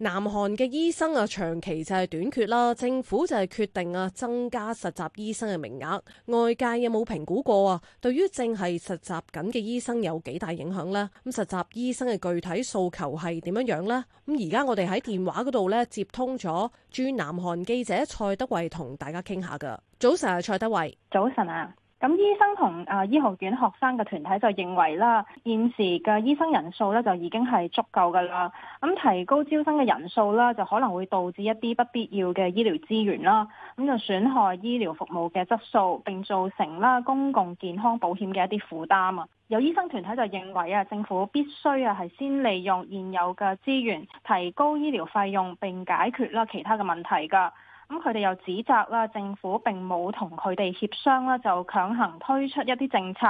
南韓嘅醫生啊，長期就係短缺啦，政府就係決定啊增加實習醫生嘅名額。外界有冇評估過啊？對於正係實習緊嘅醫生有幾大影響呢？咁實習醫生嘅具體訴求係點樣樣呢？咁而家我哋喺電話嗰度咧接通咗駐南韓記者蔡德蕙同大家傾下噶。早晨，蔡德早晨啊，蔡德蕙。早晨啊。咁醫生同啊醫學院學生嘅團體就認為啦，現時嘅醫生人數咧就已經係足夠㗎喇。咁提高招生嘅人數啦，就可能會導致一啲不必要嘅醫療資源啦，咁就損害醫療服務嘅質素，並造成啦公共健康保險嘅一啲負擔啊。有醫生團體就認為啊，政府必須啊係先利用現有嘅資源，提高醫療費用並解決啦其他嘅問題㗎。咁佢哋又指責啦，政府並冇同佢哋協商啦，就強行推出一啲政策，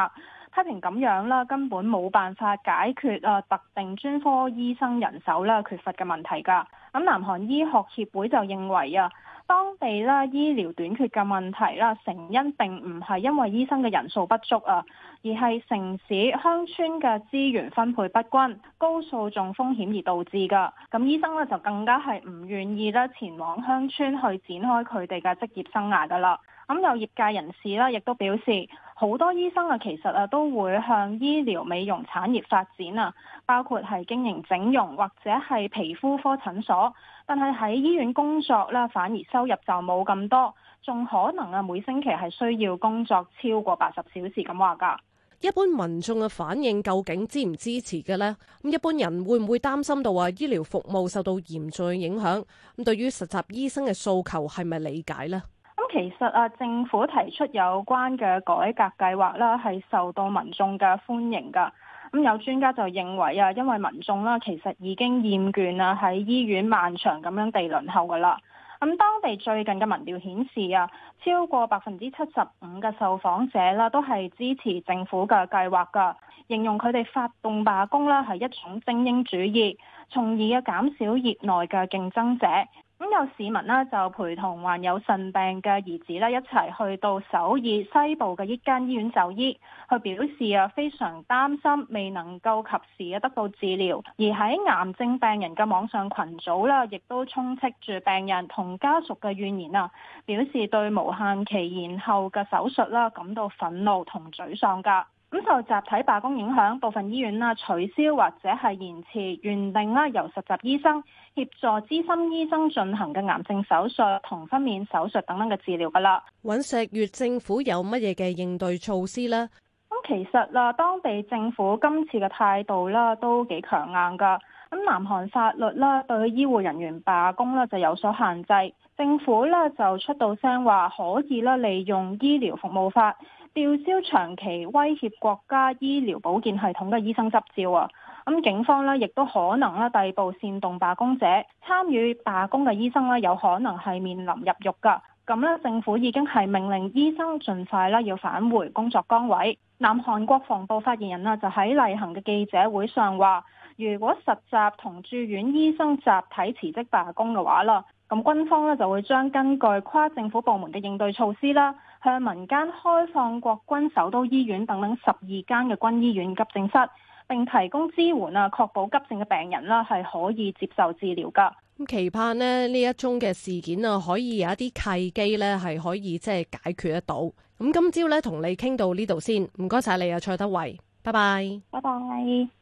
批評咁樣啦，根本冇辦法解決啊特定專科醫生人手啦缺乏嘅問題㗎。咁南韓醫學協會就認為啊。當地啦醫療短缺嘅問題啦，成因並唔係因為醫生嘅人數不足啊，而係城市鄉村嘅資源分配不均、高訴訟風險而導致㗎。咁醫生咧就更加係唔願意咧前往鄉村去展開佢哋嘅職業生涯㗎喇。咁有業界人士咧亦都表示。好多醫生啊，其實啊都會向醫療美容產業發展啊，包括係經營整容或者係皮膚科診所。但係喺醫院工作咧，反而收入就冇咁多，仲可能啊每星期係需要工作超過八十小時咁話㗎。一般民眾嘅反應究竟支唔支持嘅呢？咁一般人會唔會擔心到話醫療服務受到嚴重影響？咁對於實習醫生嘅訴求係咪理解呢？其實啊，政府提出有關嘅改革計劃啦，係受到民眾嘅歡迎㗎。咁有專家就認為啊，因為民眾啦，其實已經厭倦啦喺醫院漫長咁樣地輪候㗎啦。咁當地最近嘅民調顯示啊，超過百分之七十五嘅受訪者啦，都係支持政府嘅計劃㗎。形容佢哋發動罷工啦係一種精英主義，從而啊減少業內嘅競爭者。咁有市民呢就陪同患有腎病嘅兒子呢一齊去到首爾西部嘅一間醫院就醫，佢表示啊非常擔心未能夠及時啊得到治療，而喺癌症病人嘅網上群組呢，亦都充斥住病人同家屬嘅怨言啊，表示對無限期延後嘅手術啦感到憤怒同沮喪噶。咁受集體罷工影響，部分醫院啦取消或者係延遲原定啦由實習醫生協助資深醫生進行嘅癌症手術同分娩手術等等嘅治療㗎啦。尹錫悅政府有乜嘢嘅應對措施呢？其實啦，當地政府今次嘅態度啦都幾強硬噶。咁南韓法律啦對醫護人員罷工啦就有所限制，政府啦就出到聲話可以啦利用醫療服務法吊銷長期威脅國家醫療保健系統嘅醫生執照啊。咁警方啦亦都可能啦逮捕煽動罷工者參與罷工嘅醫生啦，有可能係面臨入獄噶。咁咧，政府已經係命令醫生盡快啦要返回工作崗位。南韓國防部發言人啊，就喺例行嘅記者會上話，如果實習同住院醫生集體辭職罷工嘅話啦，咁軍方呢就會將根據跨政府部門嘅應對措施啦，向民間開放國軍首都醫院等等十二間嘅軍醫院急症室，並提供支援啊，確保急症嘅病人啦係可以接受治療噶。咁期盼呢一宗嘅事件啊，可以有一啲契機呢，係可以即係解決得到。咁今朝呢，同你傾到呢度先，唔該晒你啊，蔡德蕙，拜拜。拜拜。